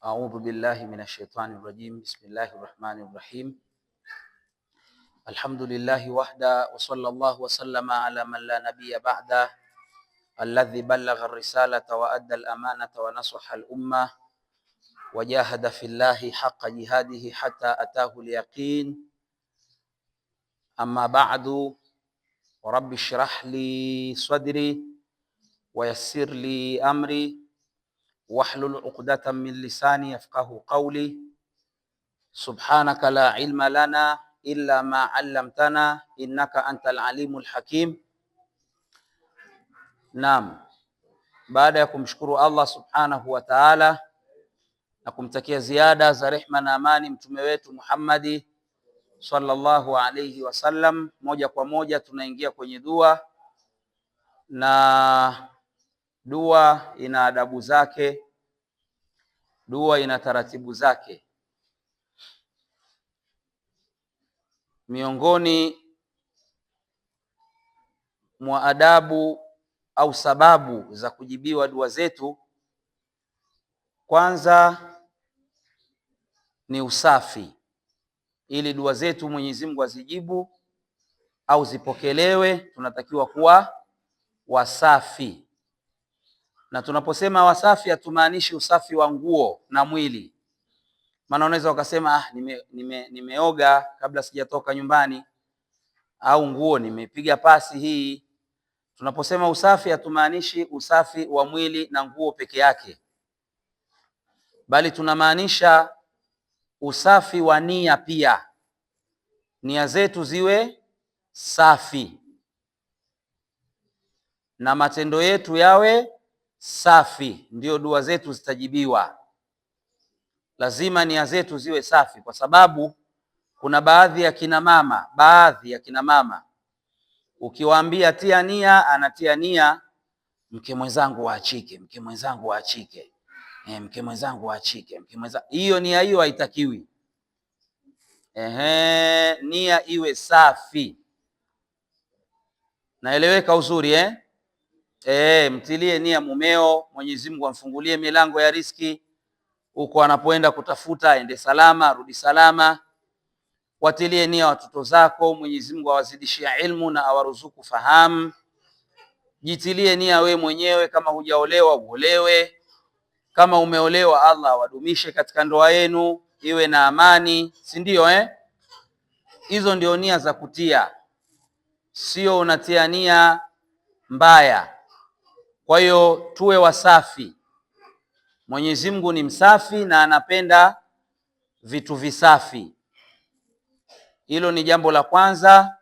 أعوذ بالله من الشيطان الرجيم بسم الله الرحمن الرحيم الحمد لله وحده وصلى الله وسلم على من لا نبي بعده الذي بلغ الرسالة وأدى الأمانة ونصح الأمة وجاهد في الله حق جهاده حتى أتاه اليقين أما بعد ورب اشرح لي صدري ويسر لي أمري wahlul uqdatan min lisani yafqahu qawli subhanaka la ilma lana illa ma 'allamtana innaka antal alimul hakim. Naam, baada ya kumshukuru Allah subhanahu wa ta'ala na kumtakia ziada za rehma na amani mtume wetu Muhammadi sallallahu alayhi wasallam, moja kwa moja tunaingia kwenye dua na Dua ina adabu zake, dua ina taratibu zake. Miongoni mwa adabu au sababu za kujibiwa dua zetu, kwanza ni usafi. Ili dua zetu Mwenyezi Mungu azijibu au zipokelewe, tunatakiwa kuwa wasafi. Na tunaposema wasafi hatumaanishi usafi wa nguo na mwili, maana unaweza ukasema ah, nime, nime, nimeoga kabla sijatoka nyumbani au nguo nimepiga pasi hii. Tunaposema usafi hatumaanishi usafi wa mwili na nguo peke yake, bali tunamaanisha usafi wa nia pia, nia zetu ziwe safi na matendo yetu yawe safi, ndio dua zetu zitajibiwa. Lazima nia zetu ziwe safi, kwa sababu kuna baadhi ya kina mama, baadhi ya kina mama ukiwaambia tia nia, anatia nia, mke mwenzangu waachike, mke mwenzangu waachike, e, mke mwenzangu waachike, mke mwenzangu. Hiyo nia hiyo haitakiwi. Ehe, nia iwe safi, naeleweka uzuri eh? E, mtilie nia mumeo, Mwenyezi Mungu amfungulie milango ya riski huko anapoenda kutafuta, aende salama arudi salama. Watilie nia watoto zako, Mwenyezi Mungu awazidishie ilmu na awaruzuku fahamu. Jitilie nia we mwenyewe, kama hujaolewa uolewe, kama umeolewa Allah awadumishe katika ndoa yenu, iwe na amani, si ndio eh? Hizo ndio nia za kutia, sio unatia nia mbaya. Kwa hiyo tuwe wasafi. Mwenyezi Mungu ni msafi na anapenda vitu visafi. Hilo ni jambo la kwanza.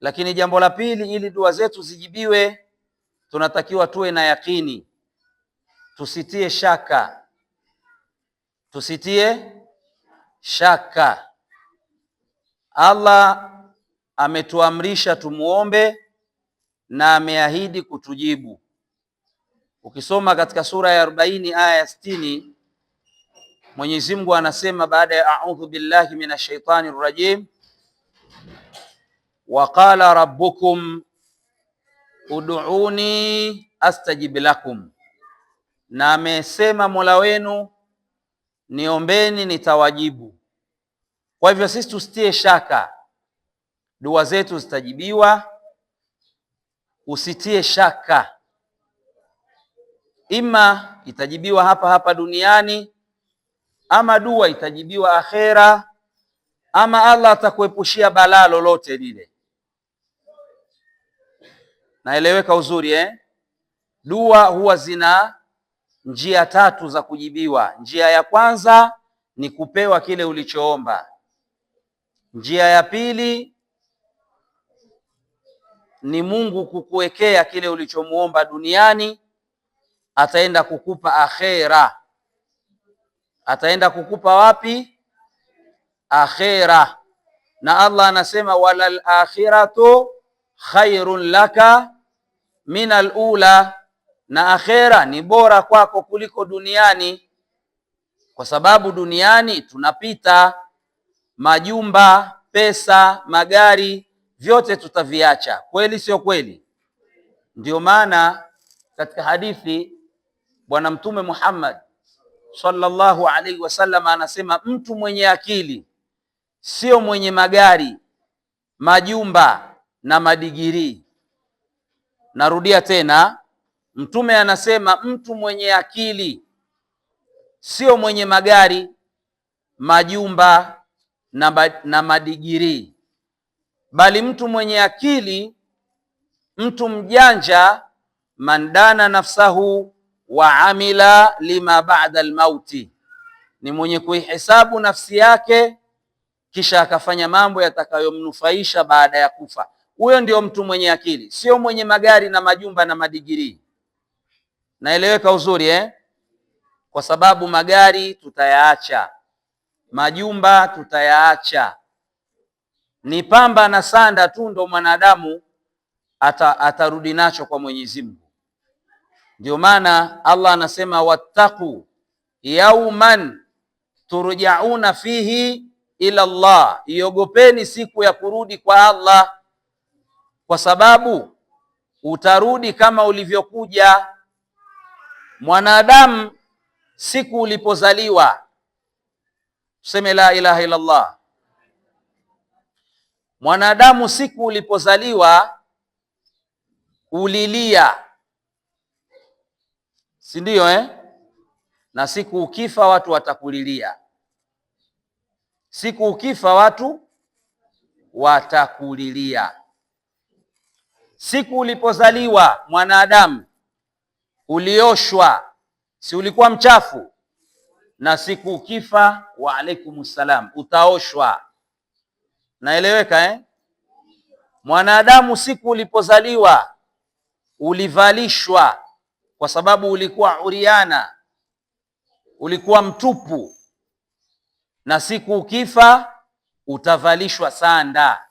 Lakini jambo la pili, ili dua zetu zijibiwe, tunatakiwa tuwe na yakini, tusitie shaka, tusitie shaka. Allah ametuamrisha tumuombe na ameahidi kutujibu. Ukisoma katika sura ya 40 aya ya 60, Mwenyezi Mungu anasema baada ya a'udhu billahi minash shaitani rrajim, wa qala rabbukum ud'uni astajib lakum, na amesema Mola wenu niombeni nitawajibu. Kwa hivyo sisi tusitie shaka, dua zetu zitajibiwa usitie shaka, ima itajibiwa hapa hapa duniani, ama dua itajibiwa akhera, ama Allah atakuepushia balaa lolote lile. Naeleweka uzuri eh? Dua huwa zina njia tatu za kujibiwa. Njia ya kwanza ni kupewa kile ulichoomba. Njia ya pili ni Mungu kukuwekea kile ulichomuomba duniani, ataenda kukupa akhera. Ataenda kukupa wapi? Akhera. Na Allah anasema walal akhiratu khairun laka min alula, na akhera ni bora kwako kuliko duniani, kwa sababu duniani tunapita, majumba, pesa, magari vyote tutaviacha. Kweli sio kweli? Ndio maana katika hadithi Bwana Mtume Muhammad sallallahu alaihi wasallam anasema mtu mwenye akili sio mwenye magari, majumba na madigirii. Narudia tena, Mtume anasema mtu mwenye akili sio mwenye magari, majumba na, na madigirii bali mtu mwenye akili, mtu mjanja, mandana nafsahu wa amila lima ba'da almauti, ni mwenye kuihesabu nafsi yake kisha akafanya mambo yatakayomnufaisha baada ya kufa. Huyo ndio mtu mwenye akili, sio mwenye magari na majumba na madigirii. Naeleweka uzuri eh? Kwa sababu magari tutayaacha, majumba tutayaacha ni pamba na sanda tu ndo mwanadamu ata, atarudi nacho kwa Mwenyezi Mungu. Ndio maana Allah anasema wattaqu yauman turjauna fihi ila Allah, iogopeni siku ya kurudi kwa Allah, kwa sababu utarudi kama ulivyokuja. Mwanadamu siku ulipozaliwa, tuseme la ilaha ila Allah Mwanadamu siku ulipozaliwa ulilia, si ndio eh? Na siku ukifa watu watakulilia, siku ukifa watu watakulilia. Siku ulipozaliwa mwanadamu ulioshwa, si ulikuwa mchafu? Na siku ukifa, wa salam, utaoshwa Naeleweka eh? Mwanadamu siku ulipozaliwa ulivalishwa, kwa sababu ulikuwa uriana, ulikuwa mtupu, na siku ukifa utavalishwa sanda.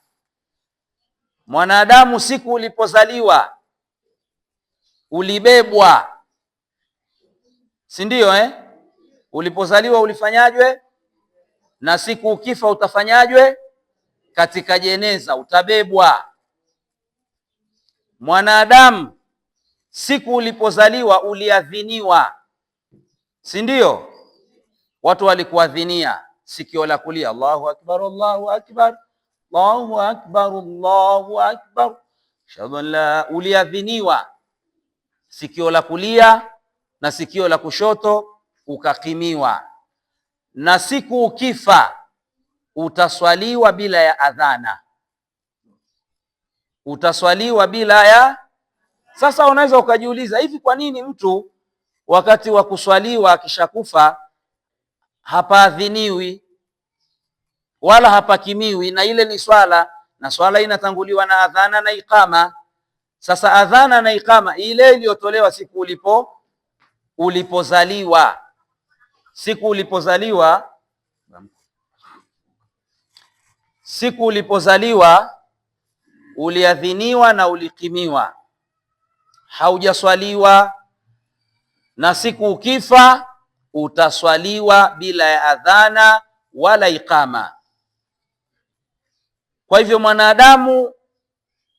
Mwanadamu siku ulipozaliwa ulibebwa, si ndio eh? Ulipozaliwa ulifanyajwe, na siku ukifa utafanyajwe katika jeneza utabebwa. Mwanadamu siku ulipozaliwa uliadhiniwa, si ndio? Watu walikuadhinia sikio la kulia, Allahu akbar, Allahu akbar, Allahu akbar, Allahu akbar, ashhadu an la. Uliadhiniwa sikio la kulia na sikio la kushoto ukakimiwa, na siku ukifa utaswaliwa bila ya adhana, utaswaliwa bila ya. Sasa unaweza ukajiuliza hivi, kwa nini mtu wakati wa kuswaliwa akishakufa hapaadhiniwi wala hapakimiwi? Na ile ni swala, na swala inatanguliwa na adhana na iqama. Sasa adhana na ikama, ile iliyotolewa siku ulipo ulipozaliwa, siku ulipozaliwa siku ulipozaliwa uliadhiniwa na ulikimiwa, haujaswaliwa, na siku ukifa utaswaliwa bila ya adhana wala ikama. Kwa hivyo mwanadamu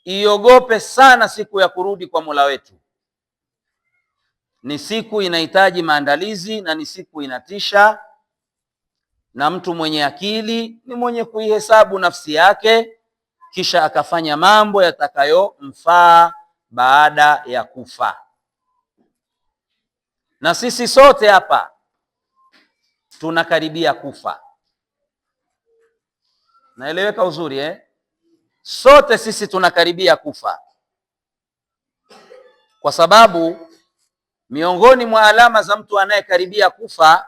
iogope sana siku ya kurudi kwa Mola wetu. Ni siku inahitaji maandalizi na ni siku inatisha na mtu mwenye akili ni mwenye kuihesabu nafsi yake, kisha akafanya mambo yatakayomfaa baada ya kufa. Na sisi sote hapa tunakaribia kufa, naeleweka uzuri eh? Sote sisi tunakaribia kufa, kwa sababu miongoni mwa alama za mtu anayekaribia kufa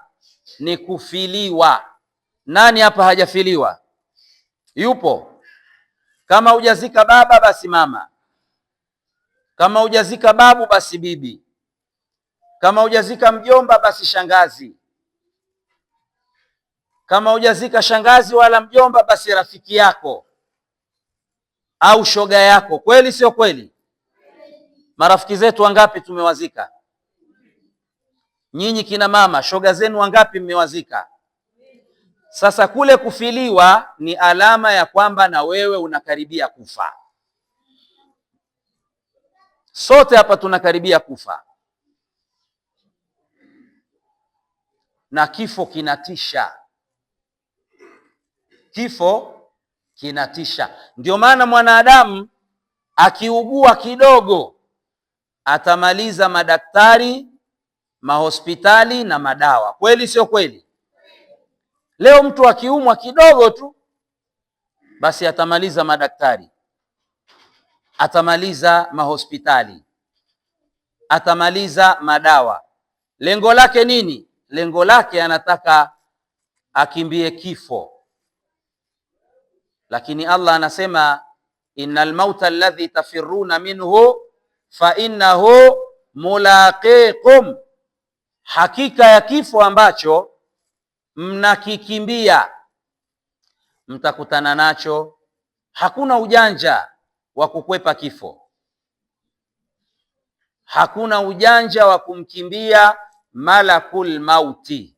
ni kufiliwa nani hapa hajafiliwa? Yupo? Kama hujazika baba basi mama, kama hujazika babu basi bibi, kama hujazika mjomba basi shangazi, kama hujazika shangazi wala mjomba basi rafiki yako au shoga yako. Kweli sio kweli? Marafiki zetu wangapi tumewazika? Nyinyi kina mama, shoga zenu wangapi mmewazika? Sasa kule kufiliwa ni alama ya kwamba na wewe unakaribia kufa. Sote hapa tunakaribia kufa, na kifo kinatisha. Kifo kinatisha, ndio maana mwanadamu akiugua kidogo atamaliza madaktari, mahospitali na madawa. Kweli sio kweli? Leo mtu akiumwa kidogo tu, basi atamaliza madaktari, atamaliza mahospitali, atamaliza madawa. Lengo lake nini? Lengo lake anataka akimbie kifo, lakini Allah anasema innal mauta alladhi tafiruna minhu fa innahu mulaqikum, hakika ya kifo ambacho mnakikimbia, mtakutana nacho. Hakuna ujanja wa kukwepa kifo, hakuna ujanja wa kumkimbia malakul mauti.